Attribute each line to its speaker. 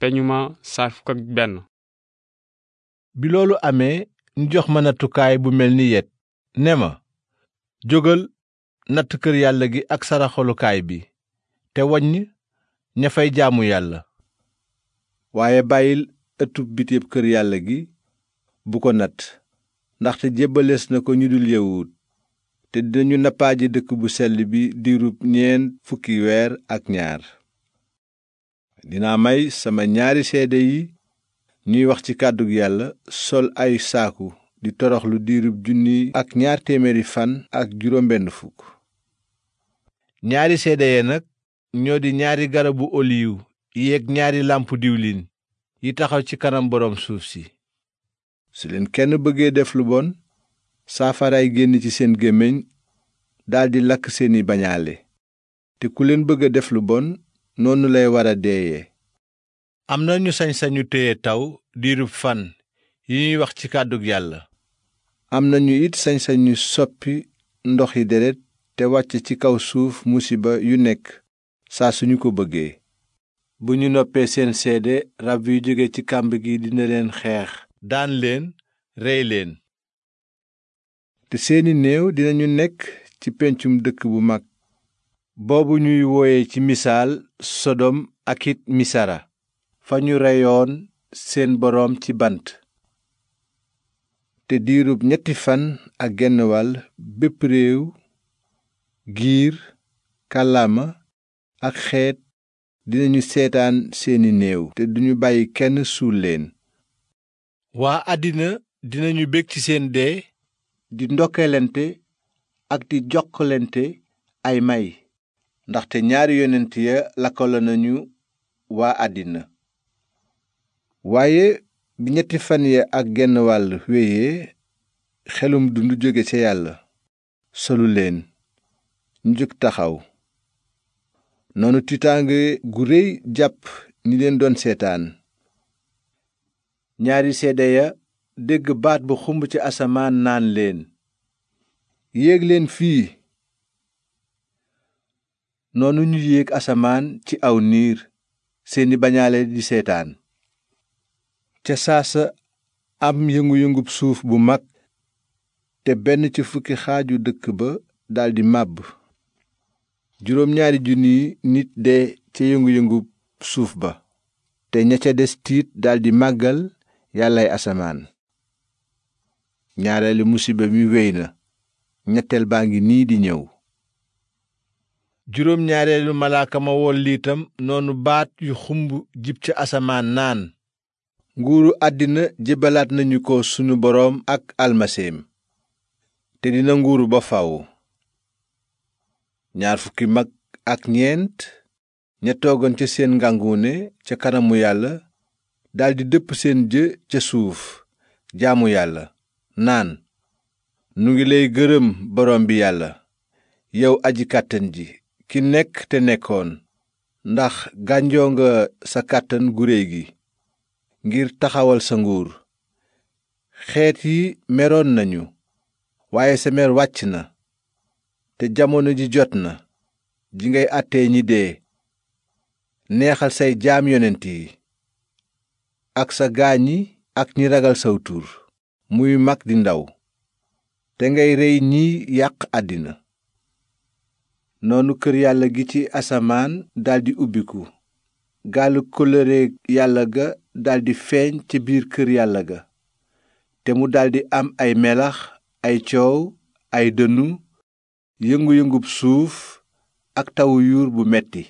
Speaker 1: peñuma saar fukk bi loolu amee ñu jox ma nattukaay bu mel ni yet ne ma jógal natt kër yàlla gi ak saraxalukaay bi te waññ ña fay jaamu yàlla waaye bàyyil ëttub bitib kër yàlla gi bu ko natt ndaxte jébbalees na ko ñu dul yawut te dinañu nappaaje dëkk bu sell bi diirub ñeen fukki weer ak ñaar dinaa may sama ñaari seede yi ñuy wax ci kàddu yàlla sol ay saaku di torox lu diirub junni ak ñaar téeméeri fan ak juróom benn fukk ñaari seede ya nag ñoo di ñaari garabu oliw yeeg ñaari làmp diwlin yi taxaw ci kanam boroom suuf si su leen kenn bëggee def lu bon saafaraay génn ci seen gémmiñ daldi lakk seeni bañaale te ku leen bëgg a def lu bon noonu lay war a deeyee am nañu sañ-sañu téye taw diirub fan yi ñuy wax ci kàddug yàlla am na ñu it sañ-sañu soppi ndox yi deret te wàcc ci kaw suuf musiba yu nekk saa suñu ko bëggee bu ñu noppee seen seede rab yu jóge ci kàmb gi dina leen xeex daan leen rey leen te seeni néew dinañu nekk ci pencum dëkk bu mag boobu ñuy wooye ci misaal sodom ak it misara fa ñu reyoon seen boroom ci bant te diirub ñetti fan ak genn wàll bépp réew giir kàllaama ak xeet dinañu seetaan seeni néew te duñu bàyyi kenn suul leen waa àddina dinañu bég ci seen dee di ndokkelente ak di jokkalante ay may ndaxte ñaari yonent ya lakkale nañu waa àddina waaye bi ñetti fan ya ak genn wàll wéyee xelum dund jóge ca yàlla solu leen ñu jóg taxaw noonu tiitaange gu réy jàpp ñi leen doon seetaan ñaari seede ya dégg baat bu xumb ci asamaan naan leen yéeg leen fii noonu ñu yéeg asamaan ci aw niir seeni bañaale di seetaan ca saasa am yëngu-yëngub suuf bu mag te benn ci fukki xaaju dëkk ba daldi màbb juróom ñaari junni nit dee ca yëngu-yëngub suuf ba te ña ca des tiit daldi màggal yàllay asamaan ñaareelu musiba mi wéy na ñetteel baa ngi nii di ñëw juróom ñaareelu malaaka ma wol liitam noonu baat yu xumb jib ca asamaan naan nguuru àddina jébbalaat nañu ko sunu boroom ak almaseem te dina nguuru ba faw ñaar fukki mag ak ñeent ña toogoon ca seen ngànguune ca kanamu yàlla daldi dëpp seen jë ca suuf jaamu yàlla naan nu ngi lay gërëm boroom bi yàlla yow aji kàttan ji ki nekk te nekkoon ndax gànjoo nga sa kàttan gu réy gi ngir taxawal sa nguur xeet yi meroon nañu waaye sa mer wàcc na te jamono ji jot na ji ngay àttee ñi dee neexal say jaam yonent yi ak sa gaañ yi ak ñi ragal saw muy mag di ndaw te ngay rey ñiy yàq àddina noonu kër yàlla gi ci asamaan daldi ubbiku gaalu kóllëre yàlla ga daldi feeñ ci biir kër yàlla ga te mu daldi am ay melax ay coow ay dënnu yëngu-yëngub suuf ak tawu yuur bu metti